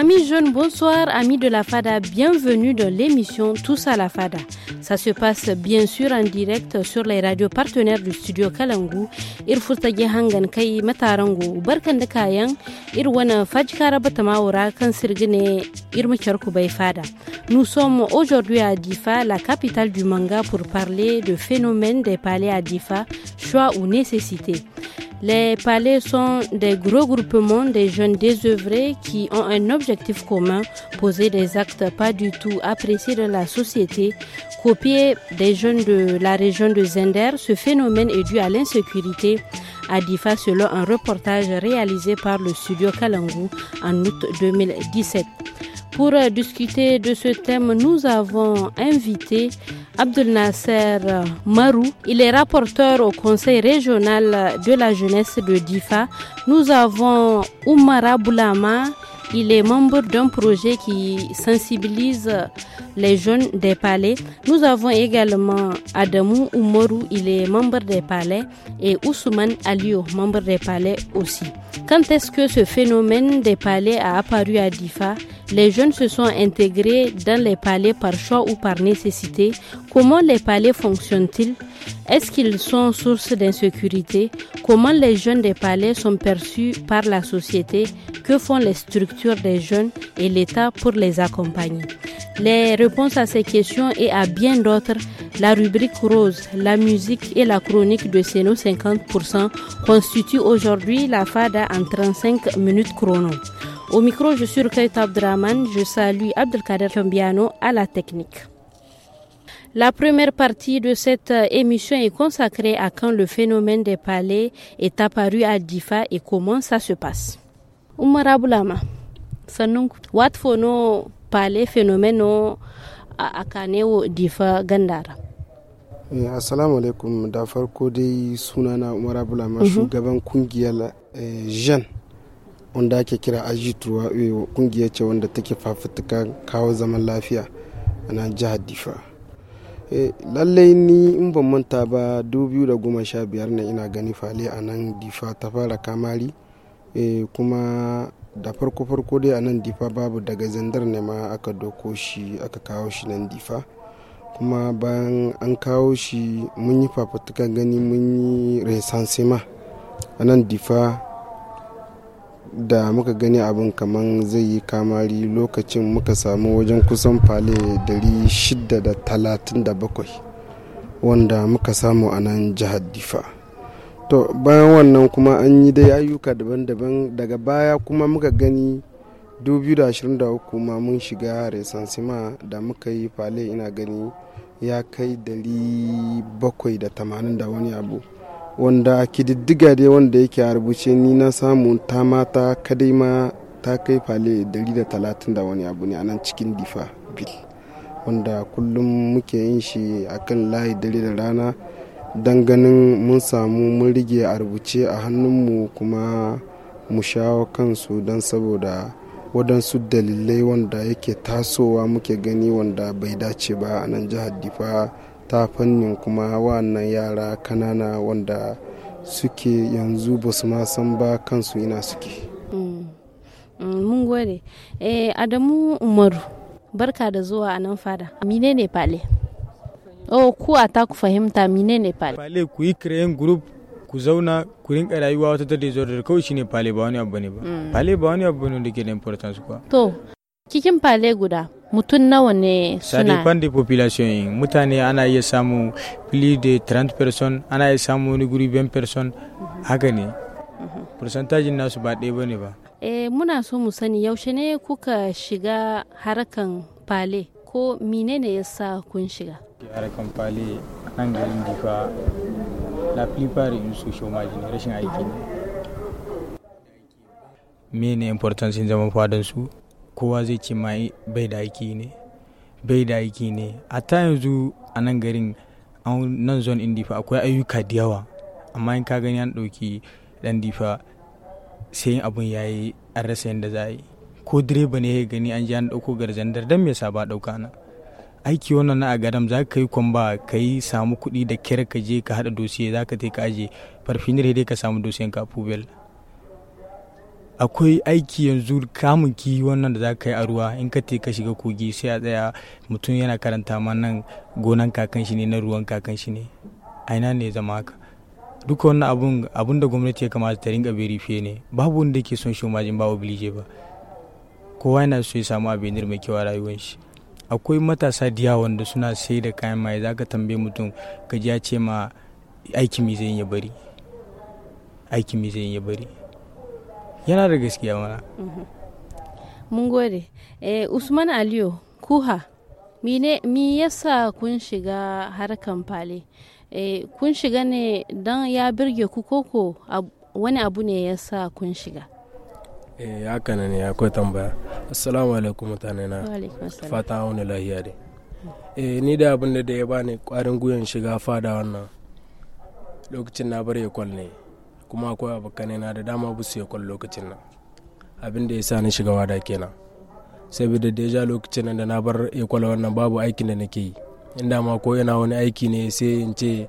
Amis jeunes, bonsoir, amis de la FADA, bienvenue dans l'émission Tous à la FADA. Ça se passe bien sûr en direct sur les radios partenaires du studio Kalangu, Hangan Kai Matarangu, Irwana Fajkara Batamaura, Kansirgene, Fada. Nous sommes aujourd'hui à Difa, la capitale du manga, pour parler du phénomène des palais à Difa, choix ou nécessité. Les palais sont des gros groupements des jeunes désœuvrés qui ont un objectif commun, poser des actes pas du tout appréciés de la société. Copier des jeunes de la région de Zender, ce phénomène est dû à l'insécurité à Difa selon un reportage réalisé par le studio Kalangu en août 2017. Pour discuter de ce thème, nous avons invité Abdel Nasser Marou. Il est rapporteur au Conseil régional de la jeunesse de Difa. Nous avons Oumara Boulama il est membre d'un projet qui sensibilise les jeunes des palais. Nous avons également Adamou Oumoru, il est membre des palais, et Ousmane Alio, membre des palais aussi. Quand est-ce que ce phénomène des palais a apparu à Difa les jeunes se sont intégrés dans les palais par choix ou par nécessité. Comment les palais fonctionnent-ils Est-ce qu'ils sont source d'insécurité Comment les jeunes des palais sont perçus par la société Que font les structures des jeunes et l'État pour les accompagner Les réponses à ces questions et à bien d'autres, la rubrique rose, la musique et la chronique de Seno 50% constituent aujourd'hui la FADA en 35 minutes chrono. Au micro, je suis Rukaït Abdraman. Je salue Abdelkader Chambiano à la technique. La première partie de cette euh, émission est consacrée à quand le phénomène des palais est apparu à Difa et comment ça se passe. Umar Aboulama, wat no palais phénomène a Kaneo Difa Gandara. Eh, assalamu alaikum da farko dai sunana Umar Aboulama mhm. shugaban Kungiala eh, Jean wanda ake kira ajituwa eh, kungiya ce wanda take fafutuka kawo zaman lafiya a nan jihar difa eh, lallai ni in ban manta ba 2015 na ina gani fale a nan difa ta fara kamari eh, kuma da farko farko dai a nan difa babu daga zandar ne ma aka doko shi aka kawo shi nan difa kuma bayan an kawo shi mun yi fafutukan gani mun yi resansima a nan difa da muka gani abin kamar zai yi kamari lokacin muka samu wajen kusan fale 637 wanda muka samu a nan jihar difa to bayan wannan kuma an yi dai ayyuka daban-daban daga baya kuma muka gani 2023 ma mun shiga resansima da muka yi fale ina gani ya kai 780 da wani abu wanda kididdiga dai wanda yake a rubuce ni na samu ta mata kadai ma ta kai fale 130 da wani abu ne a nan cikin difa bil wanda kullum muke yin shi akan layi dare da rana don ganin mun samu mun rige a rubuce a hannunmu kuma mu shawo kansu don saboda wadansu dalilai wanda yake tasowa muke gani wanda bai dace ba a nan jihar difa ta fannin kuma wannan yara kanana wanda suke yanzu ba su ma san ba kansu ina suke mm. Mm, mun gode eh, adamu umaru barka da zuwa a nan fada mine ne fale oh ku a ta ku fahimta mine ne fale fale ku yi kirayen group ku zauna ku rinka rayuwa wata ta da kawai shine fale ba wani abu ne ba mm. fale ba wani abu ne da ke da importance kuwa to Cikin fale guda, mutum nawa ne suna? Ça da population mutane ana iya samu fili de 30 person, ana iya samu wani guri 20 person, haka ne. Percentage nasu ba ɗaya ne ba. Eh muna so mu sani yaushe ne kuka shiga harkan fale ko menene ya sa kun shiga? Harkan fale nan garin difa la plupart in su shomaji ne rashin aiki ne. Mene importance zaman fadan su? kowa zai ce ma eh, bai da aiki ne bai da aiki ne a ta yanzu a nan garin nan zon indifa akwai ayyuka da yawa amma in ka gani an ɗauki ɗan difa sai yin abun ya yi an rasa yadda za a yi ko direba ne ya gani an ji an dauko garzandar don me saba ba ɗauka na aiki wannan na a gadam za ka yi kwamba ka yi samu kuɗi da kyar ka je ka haɗa dosiye za ka ka aje farfinir dai ka samu dosiyen ka akwai aiki yanzu kamun ki wannan da za ka yi a ruwa in ka te ka shiga kogi sai a tsaya mutum yana karanta ma nan gonan kakan shi ne na ruwan kakan shi ne aina ne zama haka duka wannan abun abun da gwamnati ya kamata ta rinka rufe ne babu wanda ke son shomajin ba oblige ba kowa yana so ya samu abinir mai kyau a rayuwar shi akwai matasa diya wanda suna sai da kayan maye za ka tambaye mutum ka ji ya ce ma aiki mi zai ya bari aiki mi zai ya bari yana da gaskiya mana mhm. mun gode eh, usman aliyu kuha mi yasa kun shiga harkan fale eh, kun shiga ne don ya birge ku koko wani abu ne ya sa kun shiga ya eh, kana ne akwai tambaya assalamu alaikum mutane na fata wani lahiya ne ni da abin da ya bani kwarin gwiwan shiga fada wannan lokacin na bar ya ne kuma akwai abokanai na da dama busu ya kwallo lokacin nan abin da ya sa ni shiga wada kenan saboda deja lokacin nan da na bar ya kwallo wannan babu aikin da nake yi inda ma ko yana wani aiki ne sai in ce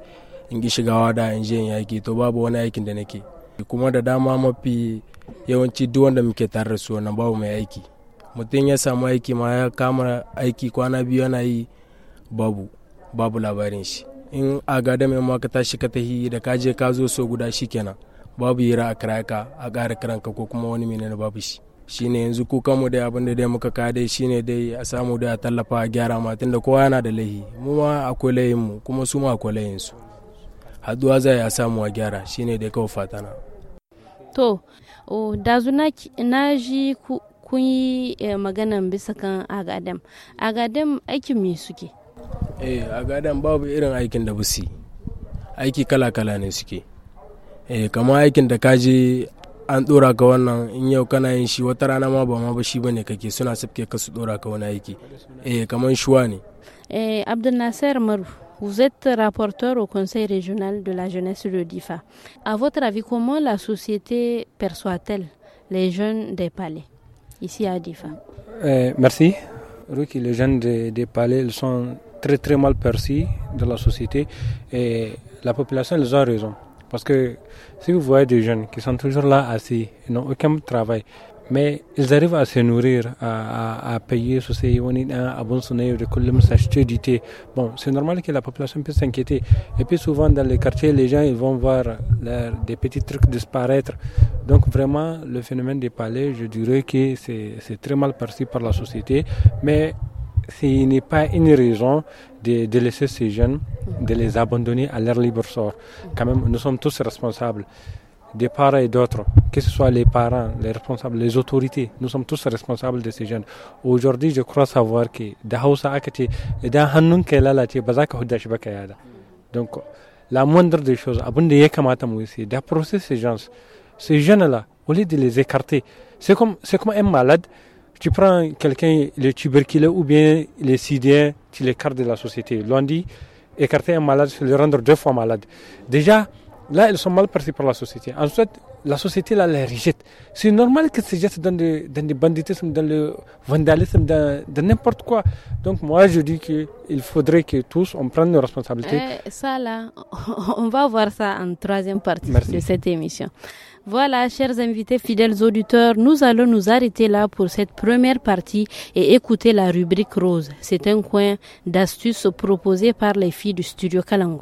in ki shiga wada in je in yaki to babu wani aikin da nake kuma da dama mafi yawanci duk wanda muke tare da su wannan babu mai aiki mutum ya samu aiki ma ya kama aiki kwana biyu yana yi babu babu labarin shi in a gada mai ma ka tashi ka tahi da ka je ka zo so guda kenan. babu hira a kira ka a ƙara ka ko kuma wani menene babu shi shi ne yanzu kukan mu dai abin da dai muka ka dai ne dai a samu dai a tallafa a gyara ma tunda kowa yana da laihi mu ma akwai laihin mu kuma su ma akwai laihin su haduwa za a samu a gyara shi ne dai kawai fatana to o dazu na ji kun yi e, maganan bisa kan agadam agadam aikin me suke eh agadam babu irin aikin da busi aiki kala-kala ne suke eh kamar aikin da ka an dora ka wannan in yau kana yin shi wata rana ma ba ma ba shi bane kake suna sabke ka su dora ka wani aiki eh kamar shuwa ne eh Abdel Nasser Maru Vous êtes rapporteur au Conseil régional de la jeunesse de DIFA. À votre avis, comment la société perçoit-elle les jeunes des palais ici à DIFA eh, Merci. Ruki, les jeunes des, des palais ils sont très très mal perçus de la société et la population, ils ont raison. Parce que si vous voyez des jeunes qui sont toujours là assis, ils n'ont aucun travail, mais ils arrivent à se nourrir, à, à, à payer ce de s'acheter du thé. Bon, c'est normal que la population puisse s'inquiéter. Et puis souvent dans les quartiers, les gens ils vont voir des petits trucs disparaître. Donc vraiment, le phénomène des palais, je dirais que c'est très mal perçu par la société, mais ce n'est pas une raison de, laisser ces jeunes, de les abandonner à leur libre sort. Quand même, nous sommes tous responsables, des parents et d'autres, que ce soit les parents, les responsables, les autorités, nous sommes tous responsables de ces jeunes. Aujourd'hui, je crois savoir que donc la moindre des choses, d'approcher ces gens, ces jeunes-là, au lieu de les écarter, c'est comme, c'est comme un malade tu prends quelqu'un, le tubercule ou bien les sidiens, tu l'écartes de la société. L'on dit, écarter un malade, c'est le rendre deux fois malade. Déjà, là, ils sont mal perçus par la société. Ensuite, la société là, les rejette. C'est normal que se jettent dans le, dans banditisme, dans le vandalisme, dans, n'importe quoi. Donc moi, je dis qu'il faudrait que tous, on prenne nos responsabilités. Eh, ça là, on va voir ça en troisième partie de cette émission. Voilà, chers invités, fidèles auditeurs, nous allons nous arrêter là pour cette première partie et écouter la rubrique rose. C'est un coin d'astuces proposé par les filles du studio Kalango.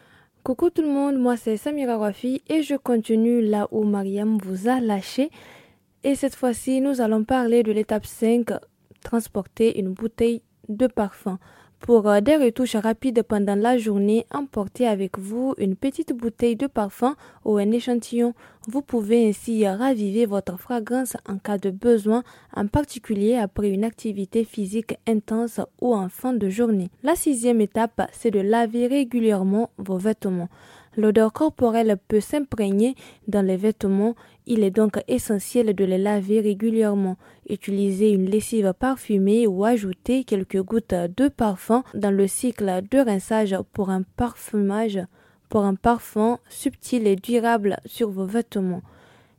Coucou tout le monde, moi c'est Samira Wafi et je continue là où Mariam vous a lâché. Et cette fois-ci, nous allons parler de l'étape 5, transporter une bouteille de parfum. Pour euh, des retouches rapides pendant la journée, emportez avec vous une petite bouteille de parfum ou un échantillon. Vous pouvez ainsi raviver votre fragrance en cas de besoin, en particulier après une activité physique intense ou en fin de journée. La sixième étape, c'est de laver régulièrement vos vêtements. L'odeur corporelle peut s'imprégner dans les vêtements il est donc essentiel de les laver régulièrement. Utiliser une lessive parfumée ou ajouter quelques gouttes de parfum dans le cycle de rinçage pour un parfumage, pour un parfum subtil et durable sur vos vêtements.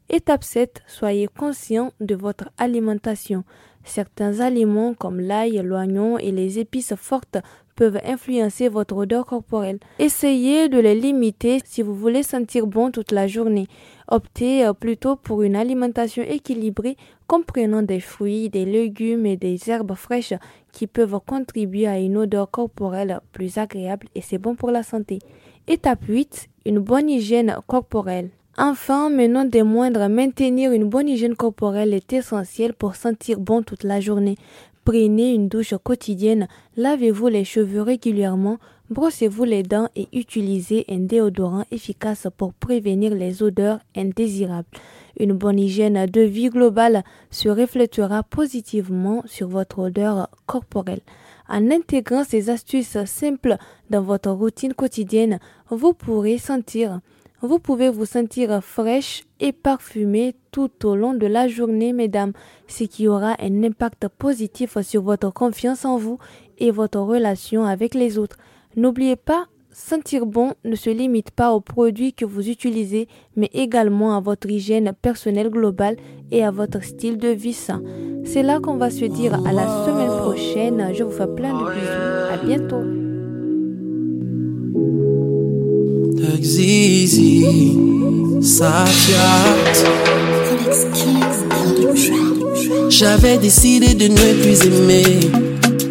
Étape 7. Soyez conscient de votre alimentation. Certains aliments comme l'ail, l'oignon et les épices fortes peuvent influencer votre odeur corporelle. Essayez de les limiter si vous voulez sentir bon toute la journée. Optez euh, plutôt pour une alimentation équilibrée comprenant des fruits, des légumes et des herbes fraîches qui peuvent contribuer à une odeur corporelle plus agréable et c'est bon pour la santé. Étape 8. Une bonne hygiène corporelle. Enfin, mais non des moindres, maintenir une bonne hygiène corporelle est essentiel pour sentir bon toute la journée. Prenez une douche quotidienne, lavez-vous les cheveux régulièrement, brossez-vous les dents et utilisez un déodorant efficace pour prévenir les odeurs indésirables. Une bonne hygiène de vie globale se reflétera positivement sur votre odeur corporelle. En intégrant ces astuces simples dans votre routine quotidienne, vous pourrez sentir vous pouvez vous sentir fraîche et parfumée tout au long de la journée, mesdames, ce qui aura un impact positif sur votre confiance en vous et votre relation avec les autres. N'oubliez pas, sentir bon ne se limite pas aux produits que vous utilisez, mais également à votre hygiène personnelle globale et à votre style de vie sain. C'est là qu'on va se dire à la semaine prochaine. Je vous fais plein de bisous. À bientôt. Existe Zizi, Safiat. J'avais décidé de ne plus aimer.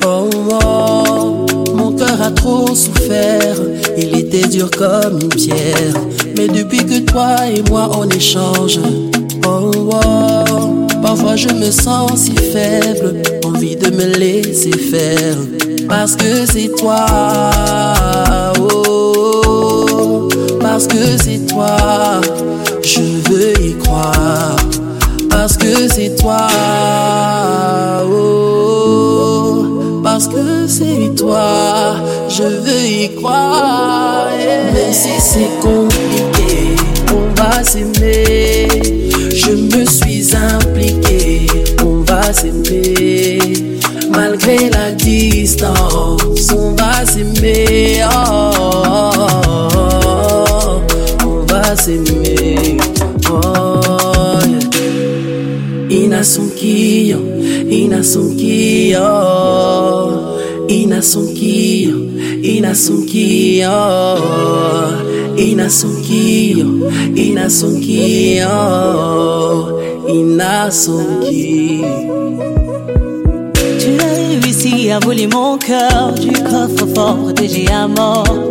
Oh, oh, mon cœur a trop souffert. Il était dur comme une pierre. Mais depuis que toi et moi on échange, oh, oh parfois je me sens si faible. Envie de me laisser faire. Parce que c'est toi. Parce que c'est toi, je veux y croire. Parce que c'est toi, oh, parce que c'est toi, je veux y croire. si c'est compliqué, on va s'aimer. Je me suis impliqué, on va s'aimer. Malgré la distance, on va s'aimer. oh. oh, oh aseme oh, yeah. ina son kiyo ina son kiyo oh. ina son kiyo ina son kiyo oh. ina son kiyo ina son kiyo oh. ina son kiyo Tu as réussi à voler mon cœur du coffre fort protégé à mort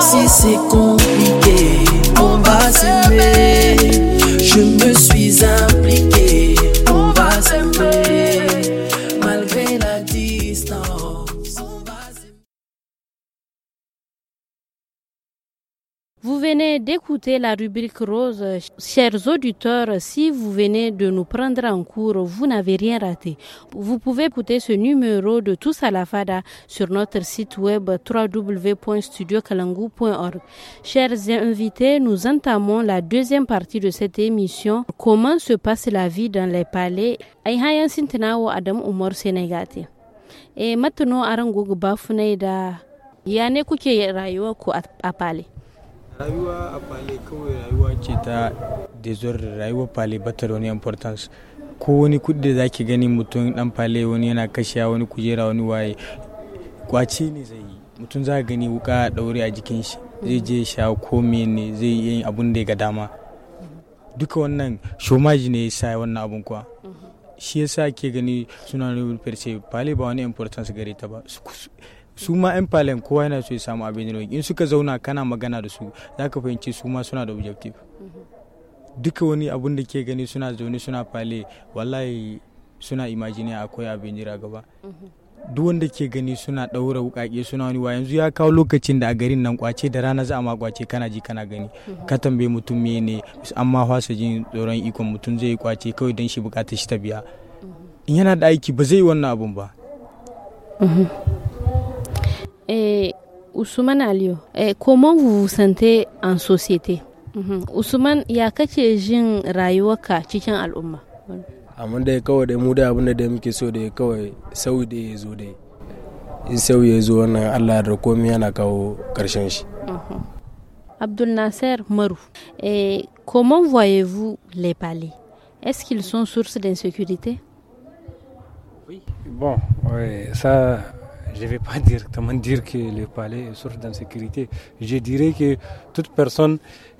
si c'est compliqué, on va s'aimer. Je me Vous venez d'écouter la rubrique rose. Chers auditeurs, si vous venez de nous prendre en cours, vous n'avez rien raté. Vous pouvez écouter ce numéro de Tous à la Fada sur notre site web www.studiokalangu.org. Chers invités, nous entamons la deuxième partie de cette émission. Comment se passe la vie dans les palais? Et maintenant, palais. Rayuwa a Fale kawai rayuwa ce ta desor rayuwa pale batar wani importance. Ko wani kuɗi da zaki gani mutum dan Fale wani yana kashiya wani kujera wani waye. Kwace ne zai yi. Mutum za gani wuka a a jikin shi. Zai je sha ko ne zai yi abun da ya ga dama. Duka wannan shomaji ne ya sa wannan abun kuwa. Mhm. Shi yasa ke gani suna nufin Fale ba wani importance gare ta ba. su ma 'yan falen kowa yana so ya samu abin da in suka zauna kana magana da su za ka fahimci su ma suna da objective mhm. duka wani abun da ke gani suna zaune suna fale wallahi suna imagine akwai abin jira gaba mhm. duk wanda ke gani suna daura wukake suna wani wa yanzu ya kawo lokacin da a garin nan kwace da rana za a ma kwace kana ji kana gani mhm. ka tambaye mutum mene ne amma hwasa jin tsoron ikon mutum zai kwace kawai don shi bukatar shi ta biya in yana da aiki ba zai yi wannan abun ba Et eh, Ousmane Aliou, eh, comment vous vous sentez en société mhm. Ousmane, ya kake jin rayuwarka cikin al'umma? Amun dai kawai da mu da abin da muke so da kawai sauyi da ya zo dai. In sauyi ya zo Allah da komai yana kawo karshen shi. Mhm. Abdul Nasser Marou, eh, comment voyez-vous les palais Est-ce qu'ils sont source d'insécurité Oui, bon, oui, ça, je ne vais pas directement dire que le palais est source d'insécurité. Je dirais que toute personne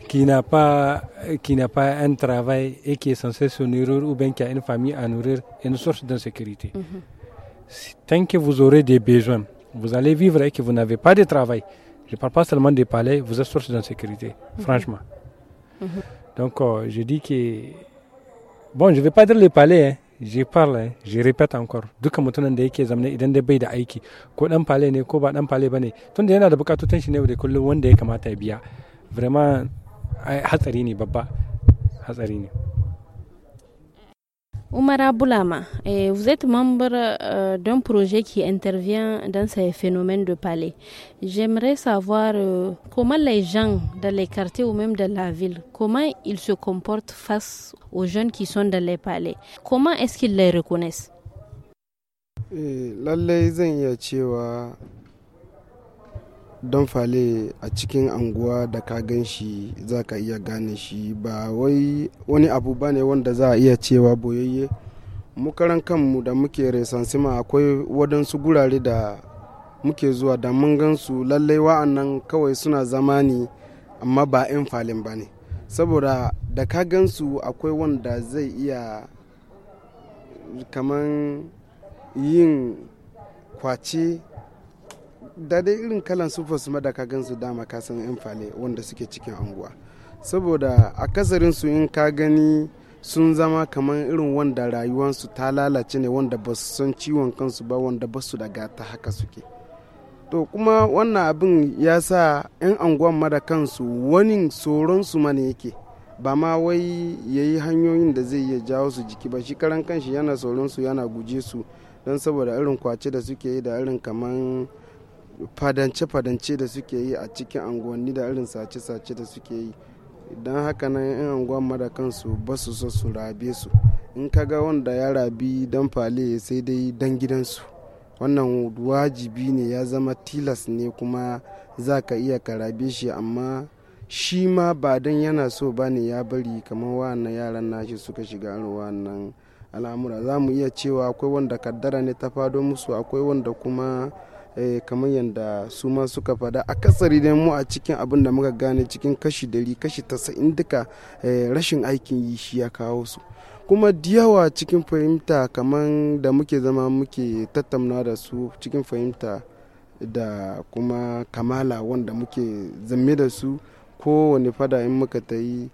qui n'a pas qui n'a pas un travail et qui est censée se nourrir ou bien qui a une famille à nourrir est une source d'insécurité. Mhm. Tant que vous aurez des besoins, vous allez vivre et que vous n'avez pas de travail. Je ne parle pas seulement des palais, vous êtes source d'insécurité, mhm. franchement. Mhm. Donc, euh, je dis que... Bon, je ne vais pas dire les palais, hein, je parle je répète encore duka mutumin da yake zamne idan dai bai da aiki ko dan fale ne ko ba dan fale bane tunda yana da bukatun shi ne da kullum wanda ya kamata ya biya vraiment hatsari ne babba hatsari ne Oumara Boulama, eh, vous êtes membre euh, d'un projet qui intervient dans ces phénomènes de palais. J'aimerais savoir euh, comment les gens dans les quartiers ou même dans la ville, comment ils se comportent face aux jeunes qui sont dans les palais. Comment est-ce qu'ils les reconnaissent? Eh, don fale a cikin anguwa da ka gan shi za ka iya gane shi ba wai wani abu ba ne wanda za a iya cewa boyayye mukaran kanmu da muke resansima akwai wadansu gurare da muke zuwa da mun gan su lallai wa'annan kawai suna zama ne amma ba 'yan falin ba ne saboda da ka gan su akwai wanda zai iya kaman yin kwace da dai irin kalan sufa su da ka su dama ka san yan fale wanda suke cikin anguwa saboda akasarin su in ka gani sun zama kamar irin wanda rayuwarsu ta lalace ne wanda ba su san ciwon kansu ba wanda ba su daga ta haka suke to kuma wannan abin ya sa 'yan anguwan ma da kansu wani tsoronsu ma ne yake ba ma wai ya yi hanyoyin da zai iya jawo su jiki ba shi karan kanshi yana tsoronsu yana guje su don saboda irin kwace da suke yi da irin kamar fadance-fadance da suke yi a cikin anguwanni da irin sace-sace da suke yi don haka nan yan anguwan mara kansu ba su so su rabe su in ka ga wanda ya rabi don fale sai dai don gidansu wannan wajibi ne ya zama tilas ne kuma za ka iya ka rabe shi amma shi ma ba don yana so ba ne ya bari kamar wannan yaran nashi suka shiga irin al'amura za mu iya cewa akwai wanda kaddara ne ta fado musu akwai wanda kuma Eh, kamar yadda su ma suka fada a katsari dai mu a cikin abin da muka gane cikin kashi dari kashi tasa'in duka eh, rashin aikin yi shi ya kawo su kuma diyawa cikin fahimta kamar da muke zama muke tattauna da su cikin fahimta da kuma kamala wanda muke zame da su kowane fada in muka ta yi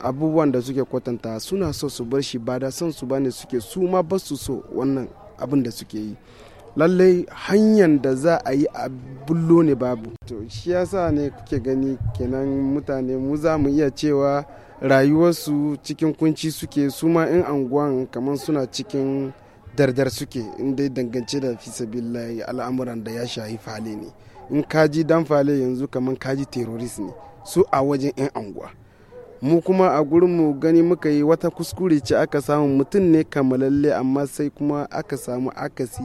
abubuwan da suke kwatanta suna so su bar shi ba da son su bane suke su ma ba su so wannan abin da suke yi lallai hanyar da za a yi a bullo ne babu to shi yasa ne kuke gani kenan mutane mu za mu iya cewa rayuwarsu cikin kunci suke su ma in anguwan kamar suna cikin dardar suke inda dangance da fisabilai al'amuran da ya shahi fale ne in kaji dan fale yanzu kamar kaji terrorist ne su a wajen 'yan anguwa mu kuma a gurin mu gani muka yi wata kuskure ce aka samu mutum ne kamalalle amma sai kuma aka samu akasi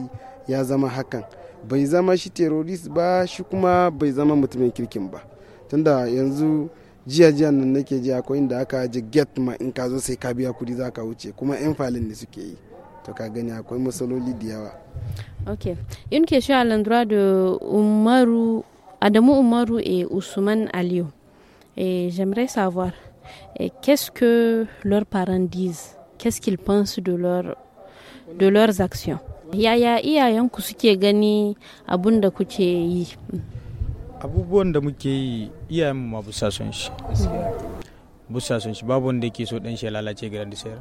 ya zama hakan bai zama shi terrorist ba shi kuma bai zama mutumin kirkin ba tunda yanzu jiya jiya nan nake ji akwai inda aka ji get ma in ka zo sai ka biya kudi za ka wuce kuma yan falin ne suke yi to ka gani akwai matsaloli da yawa ok une question de umaru adamu umaru e usman aliou et j'aimerais savoir qu'est-ce que leurs parents disent qu'est-ce qu'ils pensent de leur de leurs actions Yaya iyayenku suke gani abun da kuke yi? Abubuwan da muke yi iyayenmu ma busa son shi. Busa son shi babu wanda yake so dan shi ya lalace ga da sayar.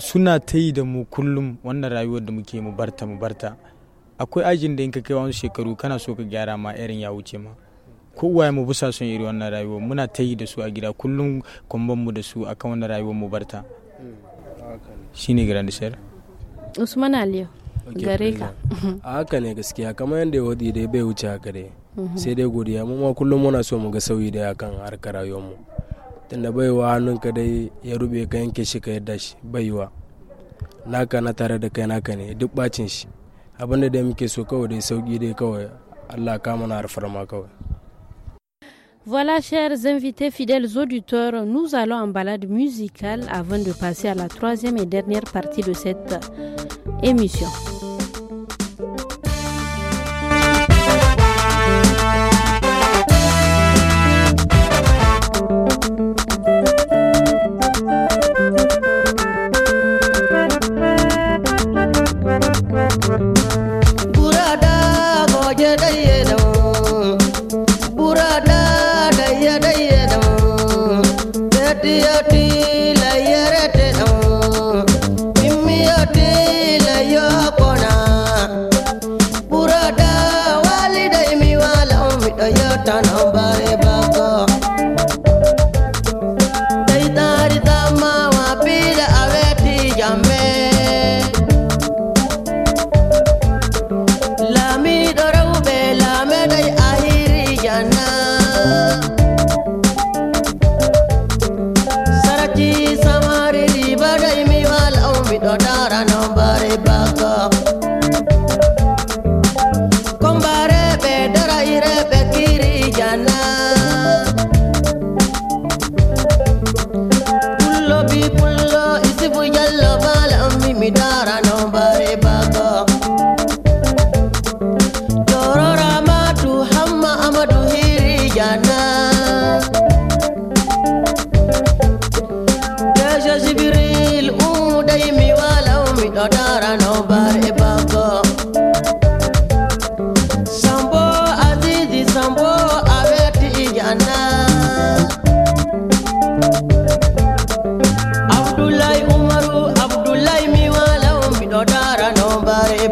Suna ta yi da mu kullum wannan rayuwar da muke mu barta mu barta. Akwai ajin da in ka kai wani shekaru kana so ka gyara ma irin ya wuce ma. ko uwaye mu busa son iri wannan rayuwar muna ta yi da su a gida kullum kwamban mu da su akan wannan rayuwar mu barta hmm. shine grand sir usman aliyu gare ka a haka ne gaskiya kamar yadda wadi dai bai wuce haka dai mhm. sai dai godiya mu ma kullum muna so mu ga sauyi da akan harkar rayuwarmu tunda baiwa hannunka dai ya rube ka yanke shi ka yadda shi baiwa naka na tare da kai naka ne duk bacin shi abinda da muke so kawai dai sauki dai kawai allah kama na harfar ma kawai Voilà, chers invités, fidèles auditeurs, nous allons en balade musicale avant de passer à la troisième et dernière partie de cette émission.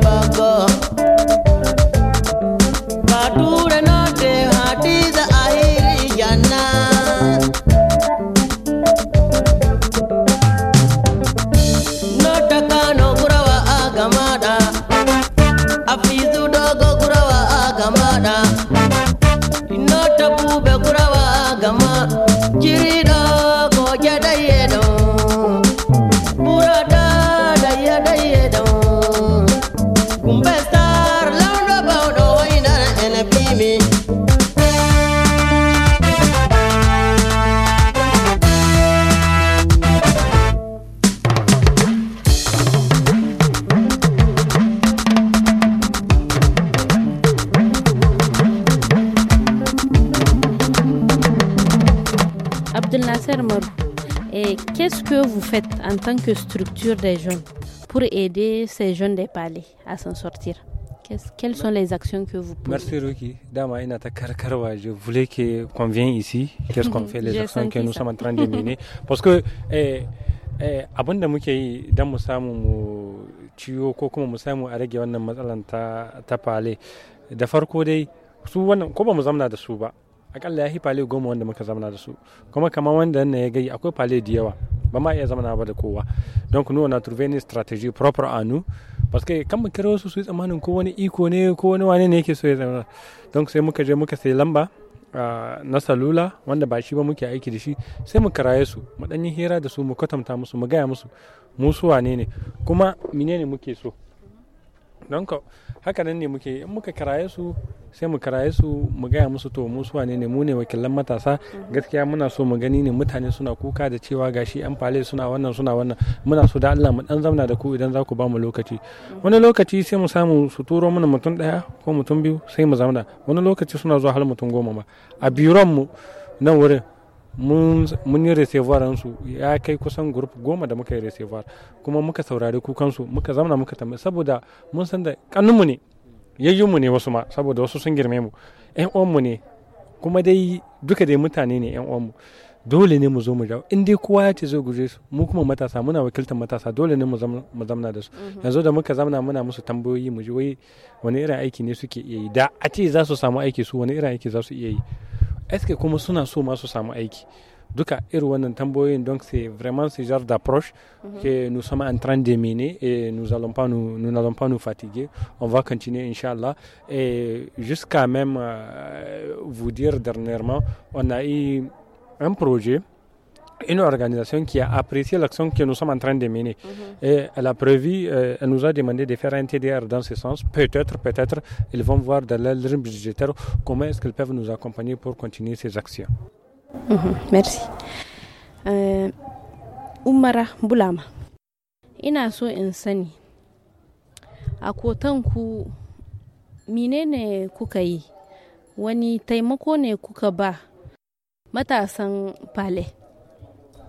above. tant que structure des jeunes pour aider ces jeunes des dépalés à s'en sortir Quelles sont les actions que vous posez Merci Ruki. Dama Inata Karkarwa, je voulais qu'on vienne ici. Qu'est-ce qu'on fait, les actions que nous sommes en train de mener Parce que eh, eh, avant de nous dans mon samu, ciwo ko kuma mu samu a rage wannan matsalan ta fale da farko dai su wannan ko ba mu zamna da su akalla ya fi fale goma wanda muka zamana da su kuma kamar wanda nan ya gai akwai fale da yawa ba ma iya zamana ba da kowa don ku nuna turbe ne strategy proper anu nu parce que kan mu kira wasu su yi tsammanin ko wani iko ne ko wani wane ne yake so ya zamana don sai muka je muka sai lamba na salula wanda ba shi ba muke aiki da shi sai mu karaye su mu danyi hira da su mu kwatanta musu mu gaya musu mu su wane ne kuma menene muke so don ka haka ne muke in muka karaye su sai mu karaye su mu gaya musu to mu su ne mu ne wakilan matasa mhm. gaskiya muna so mu gani ne mutane suna kuka da cewa gashi an fale suna wannan suna wannan muna so da Allah mu dan zamna da ku idan za ku ba mu lokaci mhm. wani lokaci sai mu samu su turo mana mutum daya ko mutum biyu sai mu zamna wani lokaci suna zuwa har mutum goma ma a biron mu nan wurin mun yi reservoir ansu ya kai kusan grup goma da muka yi reservoir kuma muka saurari kukansu muka zamana muka tambaye saboda mun san da kannunmu ne yayyunmu ne wasu ma saboda wasu sun girme mu yan uwanmu ne kuma dai duka dai mutane ne yan uwanmu dole ne mu zo mu jawo in dai kowa ya ce zai guje su mu kuma matasa muna wakiltar matasa dole ne mu zamana da su mhm. yanzu da muka zamana muna musu tambayoyi mu ji wai wani irin aiki ne suke iya yi da a ce za su samu aiki su wani irin aiki za su iya yi Est-ce que suna so ma su samu aiki? Duka wannan donc c'est vraiment ce genre d'approche mhm. que nous sommes en train de mener et nous allons pas nous nous n'allons pas nous fatiguer. On va continuer inchallah et jusqu'à même euh, vous dire dernièrement, on a eu un projet une organisation qui a apprécié l'action que nous sommes en train de mener. Mhm. Et elle a prévu, euh, elle nous a demandé de faire un TDR dans ce sens. Peut-être, peut-être, ils vont voir dans leur budgétaire comment est-ce qu'ils peuvent nous accompagner pour continuer ces actions. Mhm. Merci. Euh, Umara Boulama, ina so in sani a ku menene kuka yi wani taimako ne kuka ba matasan pale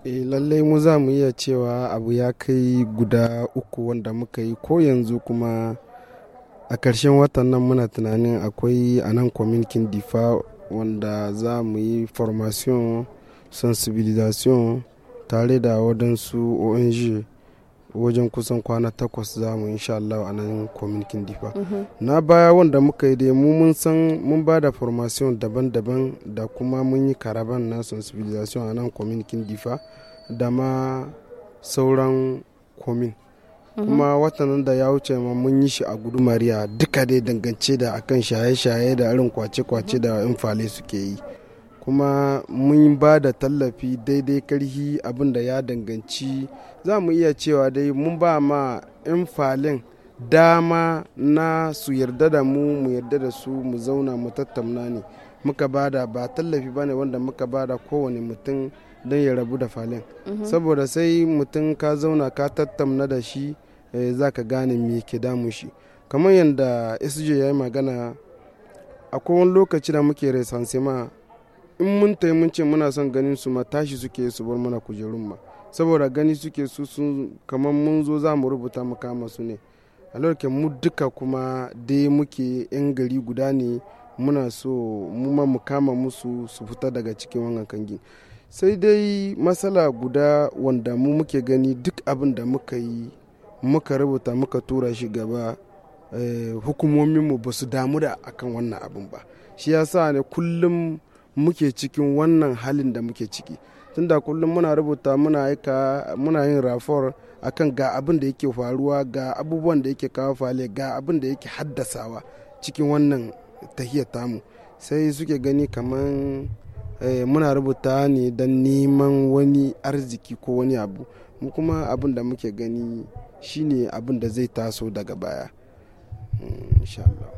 Eh, lallai mu za mu iya cewa abu ya kai guda uku wanda muka yi ko yanzu kuma a ƙarshen watan nan muna tunanin akwai anan nan difa wanda za mu yi formation sensibilisation tare da waɗansu ong wajen kusan kwana takwas za mu insha Allah a nan kwamitin difa mhm. na baya wanda muka yi dai mu mun san mun ba da formation daban-daban da kuma mun yi karaban na sensibilisation a nan kwamitin difa da ma sauran komin mhm. kuma watanin da ya wuce ma mun yi shi a gudu mariya duka dai dangance da akan shaye-shaye da irin kwace-kwace mhm. da infale suke yi kuma mun ba da tallafi daidai karhi abin da ya danganci za mu iya cewa dai mun ba ma infalin dama na su yarda da mu mu yarda da su mu zauna mu tattauna ne muka ba da ba tallafi ba ne wanda muka ba bada kowane mutum don ya rabu da falin mhm. saboda sai mutum ka zauna ka tattauna da shi eh, za ka gane me ke damu shi kamar yadda sj ya yi magana akwai wani lokaci da muke sansema. in mun tai mun ce muna son ganin su ma tashi suke su bar mana kujerun ma saboda gani suke su sun kamar mun zo za mu rubuta mu kama su ne a lokacin mu duka kuma dai muke yan gari guda ne muna so mu ma mu kama musu su fita daga cikin wannan kangin sai dai matsala guda wanda mu muke gani duk abin da muka yi muka rubuta muka tura shi gaba eh, mu ba su damu da akan wannan abin ba shi yasa ne kullum muke cikin wannan halin da muke ciki tunda kullum muna rubuta muna aika muna yin rafor akan ga abin da yake faruwa ga abubuwan da yake kawo fale ga abin da yake haddasawa cikin wannan tahiyar tamu sai suke gani kaman eh, muna rubuta ne don neman wani arziki ko wani abu mu kuma abin da muke gani shine abin da zai taso daga baya hmm, inshallah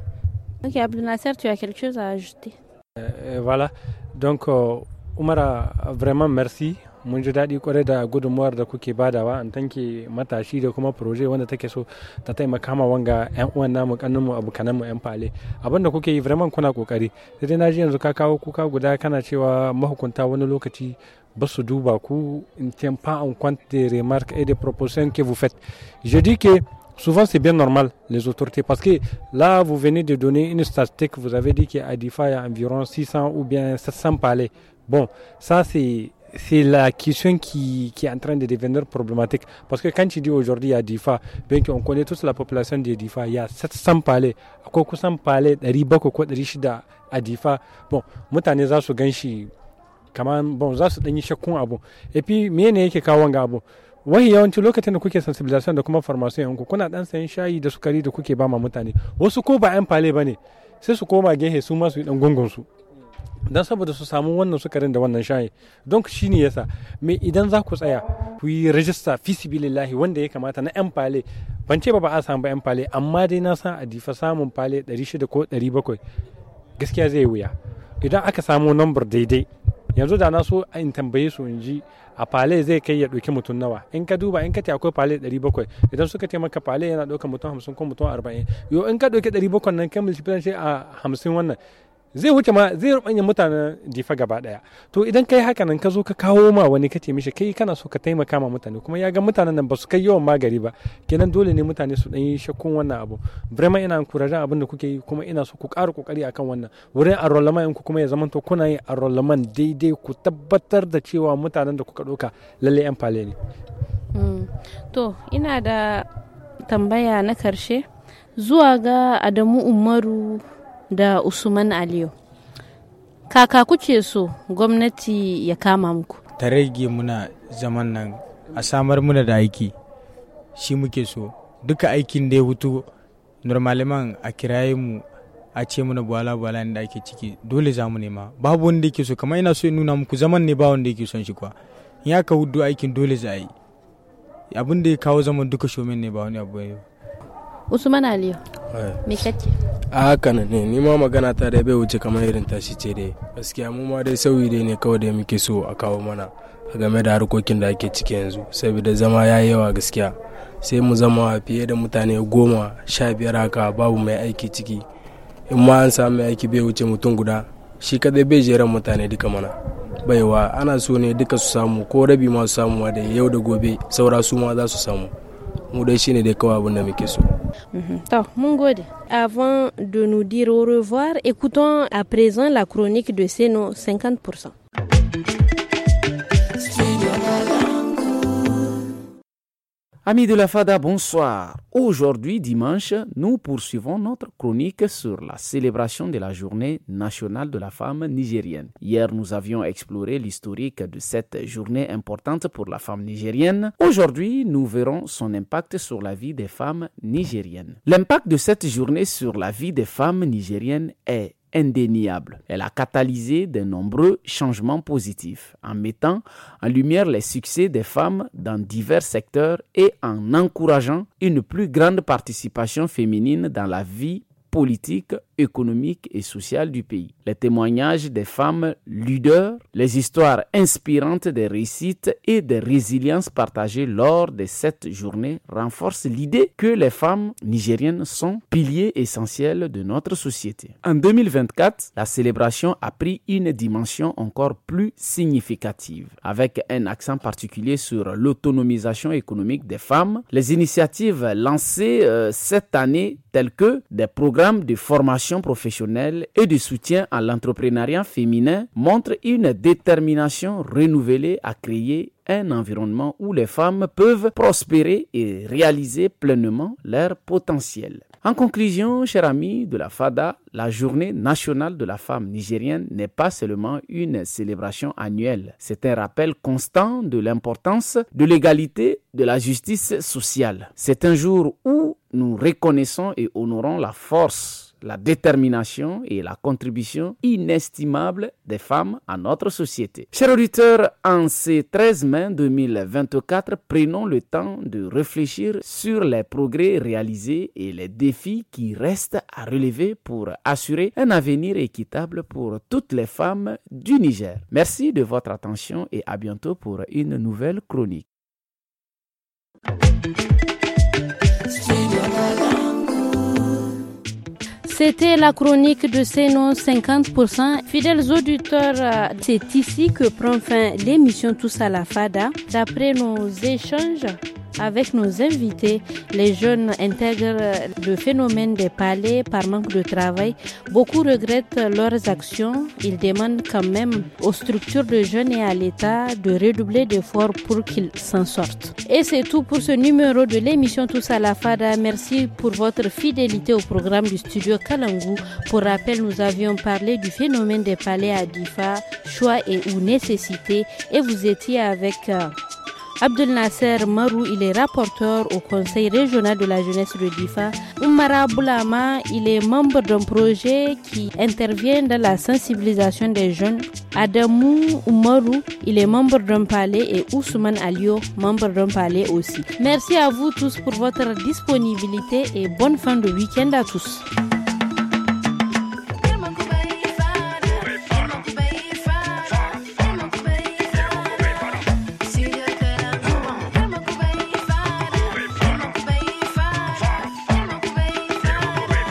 Ok, Abdel Nasser, tu as quelque chose à ajouter Et eh, eh, voilà, donc euh, Umara, vraiment merci. Mun ji daɗi kwarai da gudunmuwar da kuke badawa an tanke matashi da kuma proje wanda take so ta taimaka ma wanga 'yan uwan namu kannunmu abokananmu 'yan fale abin da kuke yi vraiment kuna kokari sai dai na ji yanzu ka kawo kuka guda kana cewa mahukunta wani lokaci ba su duba ku in tient pas en compte des remarques et des propositions que vous faites je dis que Souvent, c'est bien normal, les autorités, parce que là, vous venez de donner une statistique, vous avez dit qu'à Difa, il y a environ 600 ou bien 700 palais. Bon, ça, c'est c'est la question qui, qui, est en train de devenir problématique. Parce que quand tu dis aujourd'hui à Difa, bien qu'on connaît toute la population de Difa, il y a 700 palais, à quoi 700 palais, riba quoi de rishida a Difa. Bon, mutane za su ganshi kaman bon Il y danyi shakkun abu. Et puis menene yake kawo ga abu? wahi yawanci lokacin da kuke sensibilization da kuma farmasiyon yanku kuna dan sayan shayi da sukari da kuke bama mutane wasu ko ba yan fale ne sai su koma gehe su masu yi dan gungun su dan saboda su samu wannan sukarin da wannan shayi don shi ne yasa me idan za ku tsaya ku yi rajista fisibilillahi wanda ya kamata na yan fale ban ce ba ba a samu yan fale amma dai na san a difa samun fale 600 ko 700 gaskiya zai wuya idan aka samu nambar daidai yanzu da na so in tambaye su in ji a fale zai kai ya ɗauki mutum nawa in ka duba in ka ce akwai fale 700 idan suka taimaka fale yana ɗaukar mutum 50 ko mutum 40 yo in ka ɗauki 700 nan kan multiplication a 50 wannan zai wuce ma zai rubanya mutanen difa gaba daya to idan kai haka nan ka zo ka kawo ma wani ka ce mishi kai kana so ka taimaka ma mutane kuma ya ga mutanen nan ba su kai yawan magari ba kenan dole ne mutane su dan yi shakkun wannan abu birama ina ankurajen abin da kuke yi kuma ina so ku ƙara kokari akan wannan wurin enrollment ku kuma ya zama to kuna yin enrollment daidai ku tabbatar da cewa mutanen da kuka ɗauka lalle yan fale ne mm. to ina da tambaya na karshe zuwa ga Adamu Umaru da usman aliyu kaka kuke so gwamnati ya kama muku ta rage muna zaman nan a samar muna da aiki shi muke so duka aikin da ya hutu normaliman a kiraye mu a ce muna bwala bwala da ake ciki dole za mu nema babu wanda yake so kamar ina so in nuna muku zaman ne ba wanda yake son shi kuwa in aka hudu aikin dole za a yi abin da ya kawo zaman duka shomen ne ba wani abu usman aliyu eh. me kake a haka nan ne ni ma magana ta da bai wuce kamar irin tashi ce dai gaskiya mu ma dai sauyi dai ne kawai da muke so a kawo mana a game da harkokin da ake ciki yanzu saboda zama ya yawa gaskiya sai mu zama fiye da mutane goma sha biyar haka babu mai aiki ciki in ma an samu aiki bai wuce mutum guda shi kadai bai jeran mutane duka mana baiwa ana so ne duka su samu ko rabi ma su samu da yau da gobe saura su ma za su samu Mhm. Avant de nous dire au revoir, écoutons à présent la chronique de ces 50%. Amis de la Fada, bonsoir. Aujourd'hui, dimanche, nous poursuivons notre chronique sur la célébration de la journée nationale de la femme nigérienne. Hier, nous avions exploré l'historique de cette journée importante pour la femme nigérienne. Aujourd'hui, nous verrons son impact sur la vie des femmes nigériennes. L'impact de cette journée sur la vie des femmes nigériennes est indéniable. Elle a catalysé de nombreux changements positifs en mettant en lumière les succès des femmes dans divers secteurs et en encourageant une plus grande participation féminine dans la vie politique économique et sociale du pays. Les témoignages des femmes leaders, les histoires inspirantes des réussites et des résiliences partagées lors de cette journée renforcent l'idée que les femmes nigériennes sont piliers essentiels de notre société. En 2024, la célébration a pris une dimension encore plus significative, avec un accent particulier sur l'autonomisation économique des femmes, les initiatives lancées euh, cette année telles que des programmes de formation professionnelle et de soutien à l'entrepreneuriat féminin montre une détermination renouvelée à créer un environnement où les femmes peuvent prospérer et réaliser pleinement leur potentiel. En conclusion, chers amis de la FADA, la journée nationale de la femme nigérienne n'est pas seulement une célébration annuelle, c'est un rappel constant de l'importance de l'égalité, de la justice sociale. C'est un jour où nous reconnaissons et honorons la force la détermination et la contribution inestimable des femmes à notre société. Chers auditeurs, en ce 13 mai 2024, prenons le temps de réfléchir sur les progrès réalisés et les défis qui restent à relever pour assurer un avenir équitable pour toutes les femmes du Niger. Merci de votre attention et à bientôt pour une nouvelle chronique. C'était la chronique de noms 50%. Fidèles auditeurs, euh, c'est ici que prend fin l'émission Tous à la Fada. D'après nos échanges, avec nos invités, les jeunes intègrent le phénomène des palais par manque de travail. Beaucoup regrettent leurs actions. Ils demandent quand même aux structures de jeunes et à l'État de redoubler d'efforts pour qu'ils s'en sortent. Et c'est tout pour ce numéro de l'émission Tous à la Fada. Merci pour votre fidélité au programme du studio Kalangu. Pour rappel, nous avions parlé du phénomène des palais à Difa, choix et ou nécessité, et vous étiez avec... Euh, Abdel Nasser Marou, il est rapporteur au Conseil régional de la jeunesse de Difa. Oumara Boulama, il est membre d'un projet qui intervient dans la sensibilisation des jeunes. Adamou Oumarou, il est membre d'un palais et Ousmane Alio, membre d'un palais aussi. Merci à vous tous pour votre disponibilité et bonne fin de week-end à tous.